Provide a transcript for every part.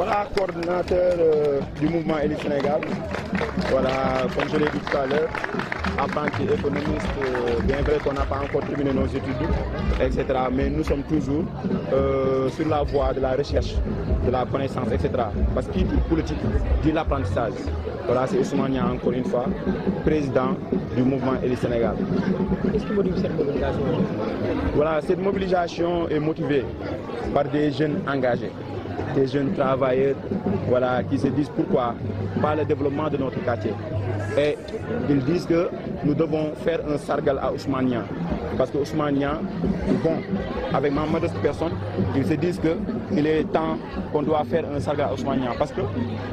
Voilà, coordinateur euh, du mouvement Élite Sénégal. Voilà, comme je l'ai dit tout à l'heure, en tant qu'économiste, euh, bien vrai qu'on n'a pas encore terminé nos études, etc. Mais nous sommes toujours euh, sur la voie de la recherche, de la connaissance, etc. Parce qu'il dit politique, dit l'apprentissage. Voilà, c'est Ousmane encore une fois, président du mouvement Élite Sénégal. Qu'est-ce qui motive cette mobilisation Voilà, cette mobilisation est motivée par des jeunes engagés des jeunes travailleurs voilà, qui se disent pourquoi pas le développement de notre quartier. Et ils disent que nous devons faire un sargal à Ousmania. Parce que Ousmane bon, avec ma modeste personne, ils se disent qu'il est temps qu'on doit faire un saga à Ousmane Parce que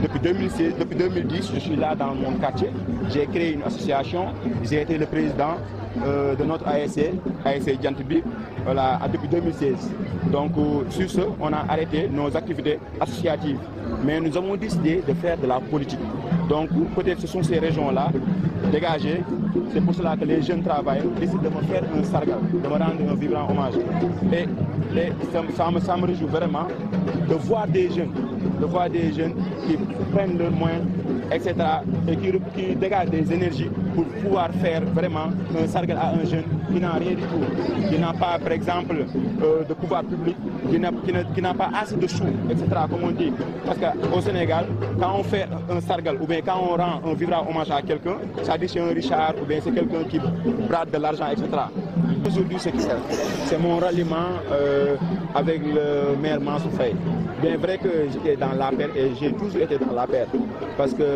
depuis depuis 2010, je suis là dans mon quartier. J'ai créé une association, j'ai été le président euh, de notre ASC, ASC Djantibi, voilà, depuis 2016. Donc euh, sur ce, on a arrêté nos activités associatives. Mais nous avons décidé de faire de la politique. Donc peut-être ce sont ces régions-là dégagées c'est pour cela que les jeunes travaillent. décident de me faire un sargam, de me rendre un vibrant hommage. Et ça, me, réjouit vraiment de voir des jeunes, de voir des jeunes qui prennent leurs moyens, etc., et qui dégagent des énergies pour pouvoir faire vraiment un sargal à un jeune qui n'a rien du tout, qui n'a pas, par exemple, euh, de pouvoir public, qui n'a pas assez de sous, etc., comme on dit. Parce qu'au Sénégal, quand on fait un sargal, ou bien quand on rend un vivra hommage à quelqu'un, ça dit c'est un Richard, ou bien c'est quelqu'un qui brade de l'argent, etc. Aujourd'hui, c'est C'est mon ralliement euh, avec le maire Mansour Bien vrai que j'étais dans la paix et j'ai toujours été dans la paix. Parce que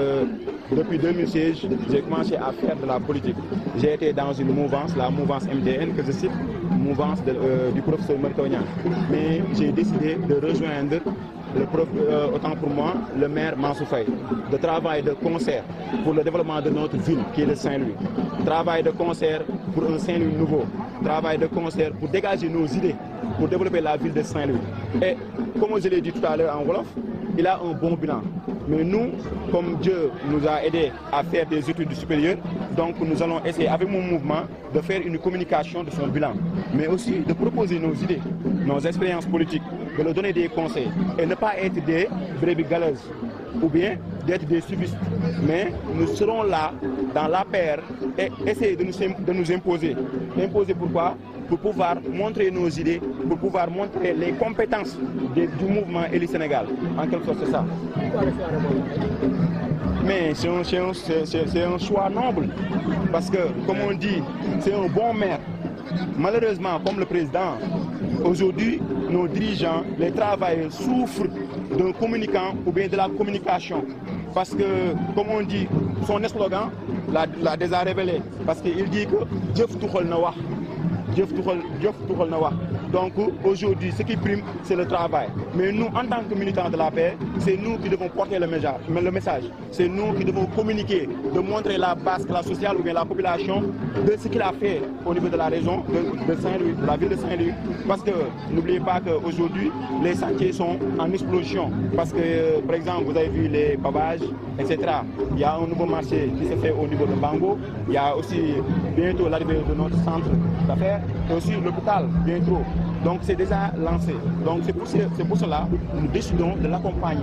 depuis 2006, j'ai commencé à faire de la politique. J'ai été dans une mouvance, la mouvance MDN, que je cite, mouvance euh, du professeur Mertonian. Mais j'ai décidé de rejoindre, le prof, euh, autant pour moi, le maire Mansoufaï, de travail de concert pour le développement de notre ville, qui est le Saint-Louis. Travail de concert pour un Saint-Louis nouveau. Travail de concert pour dégager nos idées, pour développer la ville de Saint-Louis. Et comme je l'ai dit tout à l'heure en Wolof, il a un bon bilan. Mais nous, comme Dieu nous a aidés à faire des études supérieures, donc nous allons essayer avec mon mouvement de faire une communication de son bilan, mais aussi de proposer nos idées, nos expériences politiques, de leur donner des conseils et ne pas être des brebis galeuses ou bien d'être des civistes. Mais nous serons là dans la paire et essayer de nous, de nous imposer. Imposer pourquoi Pour pouvoir montrer nos idées, pour pouvoir montrer les compétences du mouvement Élie Sénégal. En quelque sorte, c'est ça. Mais c'est un, un, choix noble. Parce que, comme on dit, c'est un bon maire. Malheureusement, comme le président, aujourd'hui, nos dirigeants, les travailleurs souffrent de communicant ou bien de la communication. Parce que, comme on dit, son slogan l'a, déjà révélé. Parce qu'il dit que Dieu tout Dieu donc aujourd'hui, ce qui prime, c'est le travail. Mais nous, en tant que militants de la paix, c'est nous qui devons porter le message. C'est nous qui devons communiquer, de montrer la base, la sociale ou bien la population de ce qu'il a fait au niveau de la région de, Saint-Louis, de la ville de Saint-Louis. Parce que n'oubliez pas qu'aujourd'hui, les sentiers sont en explosion. Parce que, euh, par exemple, vous avez vu les babages, etc. Il y a un nouveau marché qui s'est fait au niveau de Bango. Il y a aussi bientôt l'arrivée de notre centre d'affaires et aussi l'hôpital bientôt. Donc c'est déjà lancé. Donc c'est pour, pour, cela que nous décidons de l'accompagner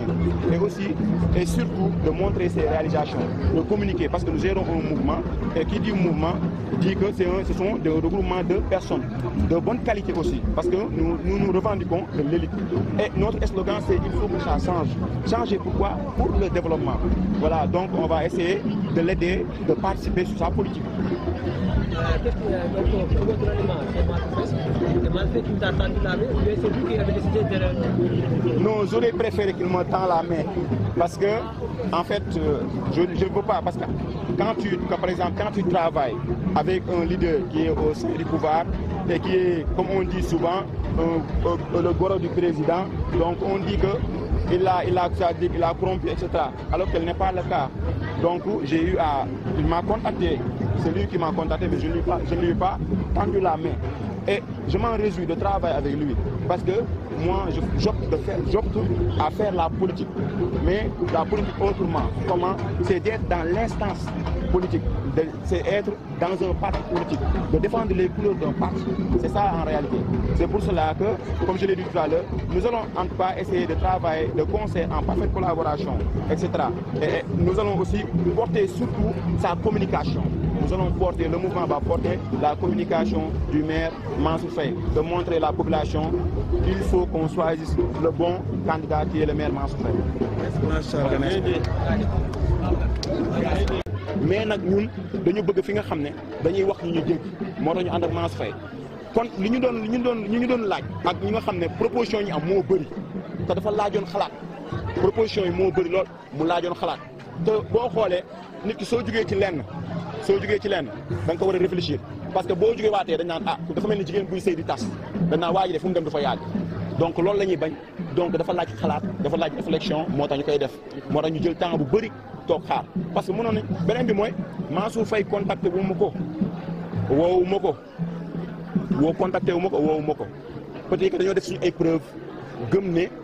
mais aussi et surtout de montrer ses réalisations, de communiquer parce que nous gérons un mouvement et qui dit mouvement dit que un, ce sont des regroupements de personnes de bonne qualité aussi parce que nous nous, nous revendiquons de l'élite. Et notre slogan c'est il faut que ça change. Changer pourquoi Pour le développement. Voilà, donc on va essayer de l'aider, de participer sur sa politique. Euh, non, j'aurais préféré qu'il me tend la main parce que, en fait, euh, je ne veux pas. Parce que quand tu, par exemple, quand tu travailles avec un leader qui est au sein du pouvoir et qui est, comme on dit souvent, le goro du président, donc on dit que il a, il a, il a corrompu, etc. Alors qu'elle n'est pas le cas. Donc j'ai eu à. Il m'a contacté. C'est lui qui m'a contacté, mais je ne lui ai pas tendu la main. Et je m'en réjouis de travailler avec lui parce que moi, j'opte à faire la politique. Mais la politique autrement, comment C'est d'être dans l'instance politique, c'est être dans un parti politique, de défendre les couleurs d'un parti. C'est ça en réalité. C'est pour cela que, comme je l'ai dit tout à l'heure, nous allons en tout cas essayer de travailler le concert en parfaite collaboration, etc. Et nous allons aussi porter surtout sa communication nous allons porter, le mouvement va porter la communication du maire Mansour Faye, de montrer à la population qu'il faut qu'on choisisse le bon candidat qui est le maire Mansour Faye. mais nak ñun dañu bëgg fi nga xamné dañuy wax ñu ñu jënk tax ñu ànd ak Mansour Faye kon li ñu doon li ñu doon li ñu doon laaj ak ñi nga xamné proposition ñi am mo bëri ta dafa laajoon xalaat proposition yi mo bëri lool mu laajoon xalaat te bo xolé nit ki so jugee ci lenn soo jugee ci leen da nga ko war a réfléchir parce que boo jugee waatee dañ naan ah dafa mel ni jigéen buy sëy di tas dañ naan waa ji du fa yàgg donc loolu la ñuy bañ donc dafa laaj xalaat dafa laaj réflexion moo tax koy def moo tax ñu jël temps bu bëri toog xaar parce que mënoon beneen bi mooy Mansour Faye contacté wu ma ko woowu ma ko woo contacté wu ma ko woowu ma ko peut-être dañoo def suñu ay preuve gëm ne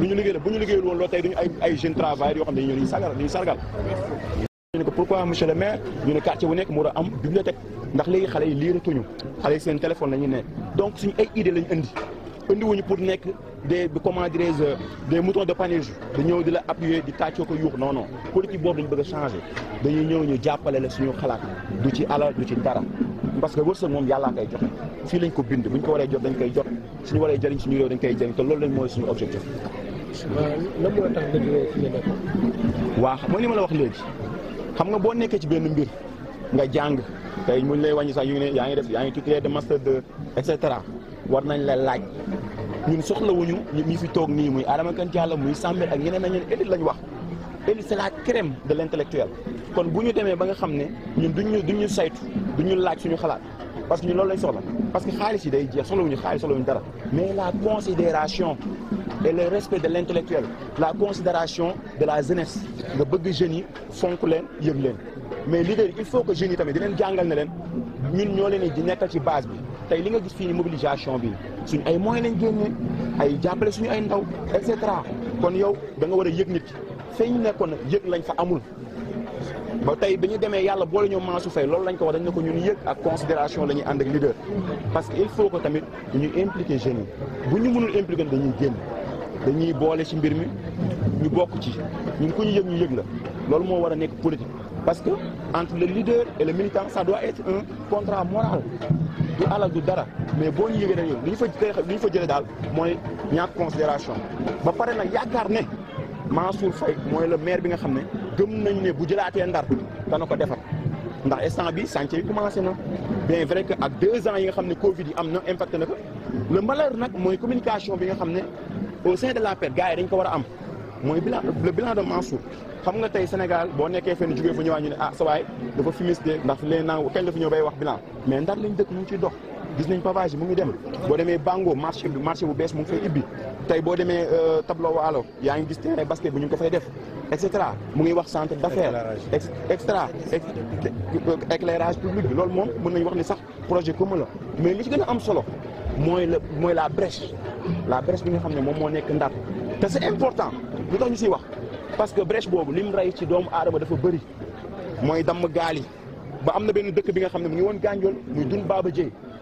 lu ñu liggéey la bu ñu liggéeyul woon loolu tey dañu ay ay jeunes travailleurs yoo xam ne ñoo ñu sargal ñu sargal ñu le maire ñu ne quartier bu nekk moo war a am bibliothèque ndax léegi xale yi liiratuñu xale yi seen téléphone la ñu ne donc suñu ay idée lañu indi indi wuñu pour nekk des comment dirais-je des moutons de Panurge da ñëw di la appuyer di tàccoo ko yuux non non politique boobu dañu bëgg a changer dañuy ñëw ñu jàppale la suñu xalaat du ci alal du ci dara parce que wërsëg moom yàllaa koy joxe fii lañ ko bind buñ ko waree jot dañ koy jot suñu waree jëriñ suñu réew dañ koy jëriñ te loolu lañ mooy suñu objectif. lan mooy li ma la wax léegi xam nga boo nekkee ci benn mbir nga jàng tey muñ lay wàññi sax yu ngi ne yaa ngi def yaa ngi titulaire de master 2 et cetera war nañ la laaj ñun soxlawuñu ñu fi toog nii muy Adama Kane Diallo muy Sambel ak ñeneen ak ñeneen élite lañ wax. élite c'est la crème de l'intellectuel kon bu ñu demee ba nga xam ne ñun duñ ñu duñ ñu saytu. du ñu laaj suñu xalaat parce que ñu loolu lañ soxla parce que xaalis yi day jeex soxlawuñu xaalis soxlawuñu dara mais la considération et le respect de l'intellectuel la considération de la jeunesse nga bëgg jeunes yi fonk leen yëg leen mais leader il faut que jeunes yi tamit di leen jàngal ne leen ñun ñoo leen di nekkal ci base bi tey li nga gis fii ni mobilisation bi suñu ay moyens lañ génnee ay jàppale suñu ay ndaw et cetera kon yow da nga war a yëg nit ki feeñ nekkoon yëg lañ fa amul ba tey bi ñu demee yàlla boole ñoo Mansour Faye loolu lañ ko wax dañ ne ko ñun yëg ak considération la ñuy ak leader parce que il faut que tamit ñu impliquer jeunes yi bu ñu mënul impliquer dañuy génn dañuy boole ci mbir mi ñu bokk ci ñun ku ñu yëg ñu yëg la loolu moo wara a politique parce que entre le leader et le militant ça doit être un contrat moral du alal du dara mais bon ñu yëgee dañu li ñu fa li ñu fa jëlee daal considération ba pare nag yaakaar ne Mansour Faye moy le maire bi nga xamné ne gëm nañ né bu jëlaté ndar dana ko defar ndax instant bi chantier bi commencé na bien vrai que ak 2 ans yi nga xamné Covid yi amna na impact na ko le malheur nak moy communication bi nga xamné au sein de l'APR gars yi dañ ko wara am moy bilan le bilan de Mansour xam nga tay Sénégal bo nekkee fenn jógee fa ñëwaat ñu ne ah sa way dafa fumiste ndax lee naaw kañ la fi ñëw bay wax bilan mais ndar lañ dëkk ñu ci dox gis nañ pavage mu ngi dem Bango marché marché bu bees mu ngi fay ibbi tey boo demee euh, tableau waalo yaa ngi basket bi ñu ngi ko fay def et cetera mu ngi wax centre d'affaires et éclairage public je suis moom projet comme la mais li ci gën am solo la mooy la brèche la brèche bi nga xam ne moom nekk Ndar c'est important lu tax ñu siy wax parce que brèche boobu lim rey ci doomu aadama dafa bëri mooy damm gaal ba am na dëkk bi nga mu ngi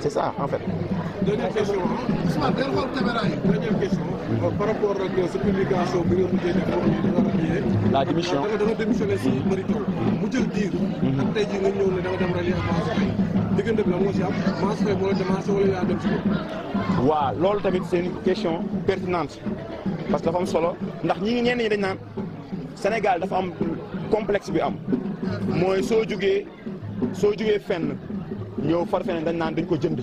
C'est ça, en fait. Dernière question. Hein. Euh, par rapport à cette euh, publication, la démission. La démission, dit Marito. Vous dit que vous avez dit que vous c'est une question pertinente parce que dafa am solo ndax ñi Sénégal dafa complexe euh, ñëw far dañ naan dañ ko jënd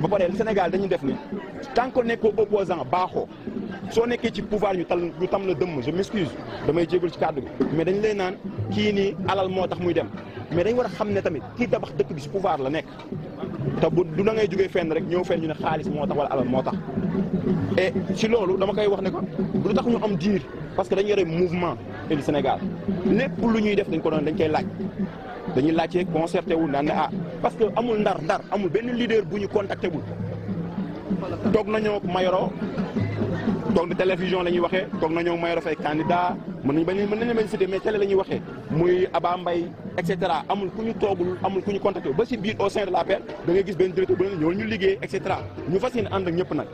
ba pare Sénégal dañu def ni tant que nekkoo opposant baaxoo soo nekkee ci pouvoir ñu tal ñu tam la dëmm je m'excuse damay jégalu ci kàddu gi mais dañ lay naan kii nii alal moo tax muy dem mais dañ war a xam ne tamit kii tabax dëkk bi ci pouvoir la nekk te bu du na ngay jógee fenn rek ñëw fenn ñu ne xaalis moo tax wala alal moo tax et ci loolu dama koy wax ne ko lu tax ñu am diir parce que dañu yore mouvement et Sénégal lépp lu ñuy def dañ ko doon dañ koy laaj dañuy laajte concerté wu naan ne ah parce que amul ndar ndar amul benn leader bu ñu contacté wul toog nañoo Mayoro toog na télévision la ñuy waxee toog nañoo Mayoro Faye candidat mën nañu bañ mën nañu bañ cité mais télé la ñuy waxee muy Aba Mbaye et cetera amul ku ñu toogul amul ku ñu contacté wu ba si biir au sein de l'APR da ngay gis benn directeur bu ne ñëwal ñu liggéey et ñu fas yéene ànd ak ñëpp nag.